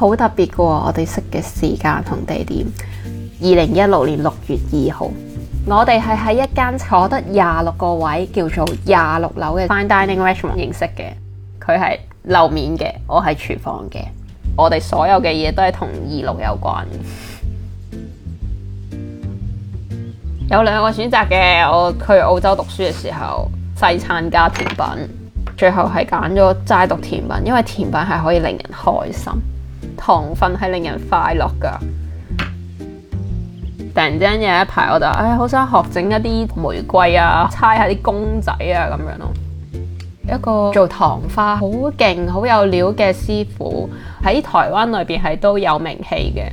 好特別嘅，我哋識嘅時間同地點，二零一六年六月二號，我哋係喺一間坐得廿六個位，叫做廿六樓嘅 Fine Dining Restaurant 認識嘅。佢係樓面嘅，我係廚房嘅。我哋所有嘅嘢都係同二六有關。有兩個選擇嘅，我去澳洲讀書嘅時候，西餐加甜品，最後係揀咗齋讀甜品，因為甜品係可以令人開心。糖分係令人快樂㗎，突然之間有一排我就，唉、哎，好想學整一啲玫瑰啊，猜下啲公仔啊咁樣咯。一個做糖花好勁、好有料嘅師傅喺台灣裏邊係都有名氣嘅，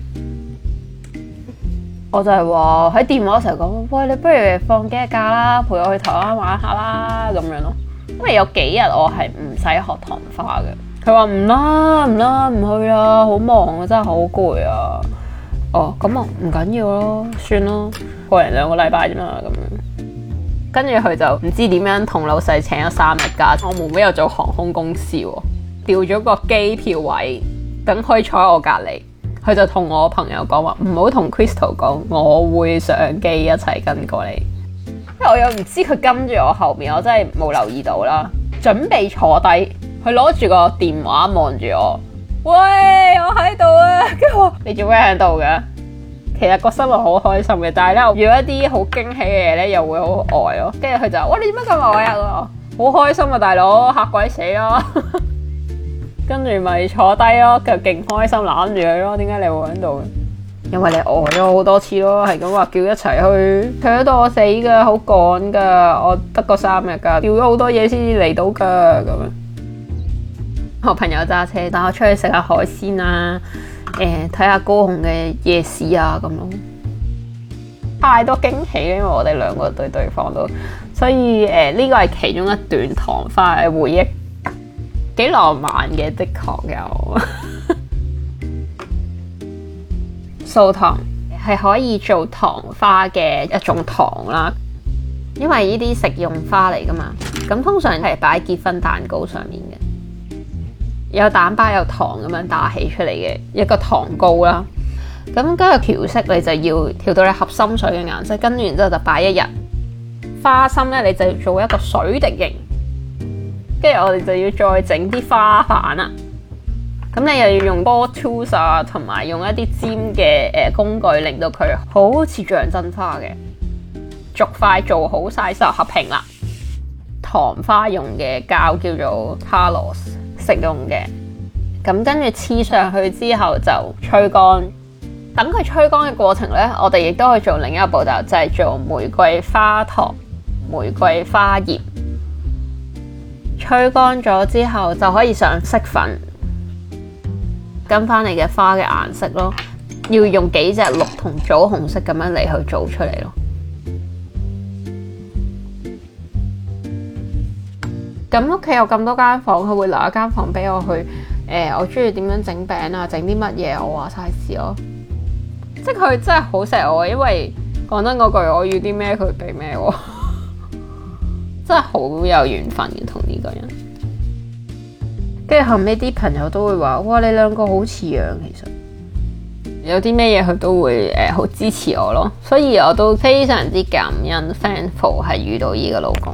我就係話喺電話嗰時候講，喂，你不如放幾日假啦，陪我去台灣玩下啦咁樣咯，因為有幾日我係唔使學糖花嘅。佢話，唔啦，唔啦，唔去啦，好忙啊，真係好攰啊。哦，咁啊唔緊要咯，算咯，過嚟兩個禮拜啫嘛。咁，跟住佢就唔知點樣同老細請咗三日假。我妹妹又做航空公司喎，調咗個機票位，等佢可以坐喺我隔籬。佢就同我朋友講話，唔好同 Crystal 講，我會上機一齊跟過嚟。因為我又唔知佢跟住我後面，我真係冇留意到啦。準備坐低。佢攞住個電話望住我，喂，我喺度啊！跟住我，你做咩喺度嘅？其實個心活好開心嘅，但係咧，我遇到一啲好驚喜嘅嘢咧，又會好呆咯。跟住佢就話，你點解咁呆啊？好開心啊，大佬嚇鬼死咯！跟住咪坐低咯，就勁開心攬住佢咯。點解你會喺度？因為你呆咗好多次咯，係咁話叫一齊去，佢去到我死噶，好趕噶，我得個三日噶，掉咗好多嘢先至嚟到噶咁樣。我朋友揸車帶我出去食下海鮮啦，誒睇下高雄嘅夜市啊咁樣咯，太多驚喜，因為我哋兩個對對方都，所以誒呢個係其中一段糖花嘅回憶，幾浪漫嘅，的確有。 素糖係可以做糖花嘅一種糖啦，因為呢啲食用花嚟噶嘛，咁通常係擺結婚蛋糕上面嘅。有蛋白有糖咁樣打起出嚟嘅一個糖膏啦，咁跟住調色你就要調到你合心水嘅顏色，跟住然之後就擺一日花心咧，你就做一個水滴形，跟住我哋就要再整啲花瓣啦。咁你又要用 ball tools 啊，同埋用一啲尖嘅誒工具，令到佢好，好似象真花嘅。逐塊做好晒，就合平啦。糖花用嘅膠叫做 Carlos。食用嘅，咁跟住黐上去之後就吹乾，等佢吹乾嘅過程呢，我哋亦都可以做另一個步驟，就係、是、做玫瑰花糖、玫瑰花葉。吹乾咗之後就可以上色粉，跟翻你嘅花嘅顏色咯，要用幾隻綠同棗紅色咁樣嚟去做出嚟咯。咁屋企有咁多間房，佢會留一間房俾我去。誒、欸，我中意點樣整餅啊，整啲乜嘢，我話晒事咯。即係佢真係好錫我，因為講真嗰句，我要啲咩佢俾咩， 真係好有緣分嘅同呢個人。跟住後尾啲朋友都會話：哇，你兩個好似樣，其實有啲咩嘢佢都會誒好、呃、支持我咯。所以我都非常之感恩 thankful 係遇到呢個老公。